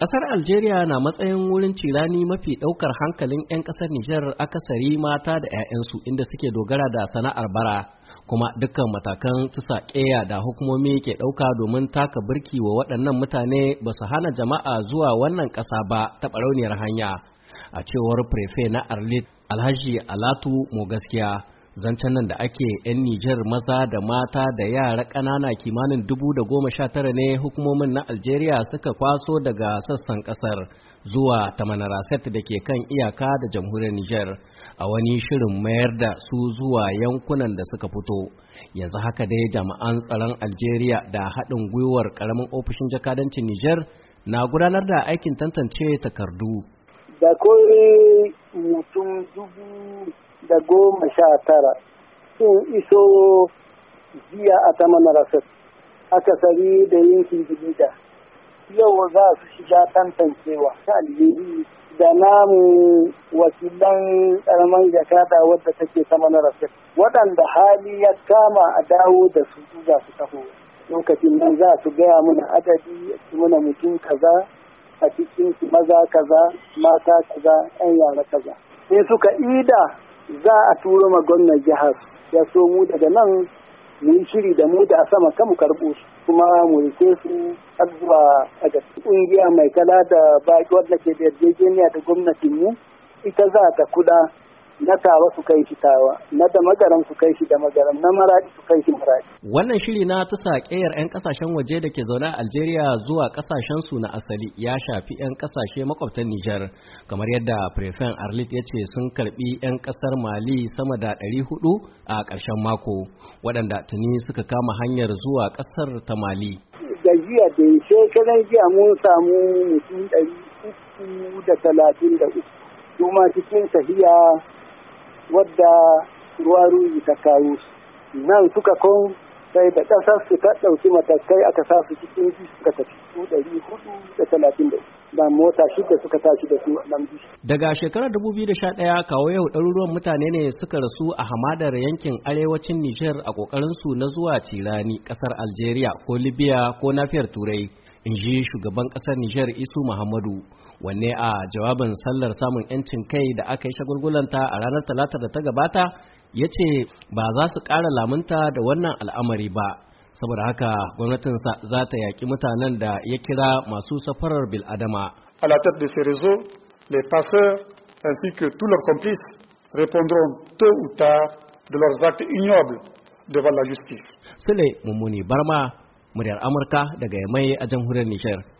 Ƙasar Algeria na matsayin wurin cilani mafi ɗaukar hankalin 'yan ƙasar Nijar akasari mata da 'ya'yansu inda suke dogara da sana'ar bara, kuma dukkan matakan tusa ƙeya da hukumomi ke ɗauka domin taka birki wa waɗannan mutane ba su hana jama'a zuwa wannan ƙasa ba ta ɓarauniyar hanya. A cewar prefe na Arlit Alhaji Alatu Mogaskiya. gaskiya zancen nan da ake 'yan Nijar maza da mata da yara ƙanana kimanin dubu da goma sha tara ne hukumomin na Algeria suka kwaso daga sassan ƙasar zuwa Tamanaraset da ke kan iyaka da jamhuriyar Nijar a wani shirin mayar da su zuwa yankunan da suka fito. Yanzu haka dai jami'an tsaron Algeria da haɗin gwiwar ƙaramin ofishin jakadancin Nijar na gudanar da aikin tantance takardu. da kore mutum dubu da goma sha tara sun iso jiya a ta manarasar sari da yankin jimida yau za su shiga tantancewa ta alheri da namu wakilan karamar jakada wadda take ta manarasar waɗanda hali ya kama a dawo da su za su taho lokacin nan za su gaya mana adadi muna mutum kaza a cikin maza kaza mata kaza yan yara kaza in suka ida za a turo ma gwamnan jihar ya so mu daga nan mu yi shiri da mu da a sama kamu karɓo su kuma mu rike su har zuwa a ƙungiya mai kala da baki wadda ke da yarjejeniya da gwamnatin mu ita za ta kuɗa na tawa su kai shi tawa na da magaran su kai shi da magaran na maraɗi su kai shi maraɗi. wannan shiri na tusa ƙeyar 'yan kasashen waje da ke zaune a Algeria zuwa kasashen su na asali ya shafi 'yan kasashe makwabtan Nijar kamar yadda Prefen Arlit ya ce sun karbi 'yan kasar Mali sama da 400 a ƙarshen mako waɗanda tuni suka kama hanyar zuwa kasar ta Mali da jiya da shekaran jiya mun samu mutum ɗari uku da talatin da uku kuma cikin tafiya. wadda ruwa ruyi ta kawo su nan suka kon sai da ƙasar su ta ɗauki matakai aka sa su cikin ji suka tafi su ɗari hudu da talatin da da mota da suka tashi da su nan ji. Daga shekarar ɗaya kawo yau ɗaruruwan mutane ne suka rasu a hamadar yankin arewacin Nijar a ƙoƙarin su na zuwa Tirani ƙasar Algeria ko Libya ko nafiyar Turai. In ji shugaban ƙasar Nijar Isu Muhammadu. wanne a jawabin sallar samun 'yancin kai da aka yi shagulgulanta a ranar talatar da ta gabata ya ce ba za su ƙara lamunta da wannan al'amari ba saboda haka gwamnatinsa za ta yaƙi mutanen da ya kira masu safarar bil'adama. à la tête de ces réseaux les passeurs ainsi que tous leurs complices répondront tôt ou de leurs actes ignobles devant la justice. Sule Mummuni Barma, muryar Amurka daga Yamai a jamhuriyar Nijar.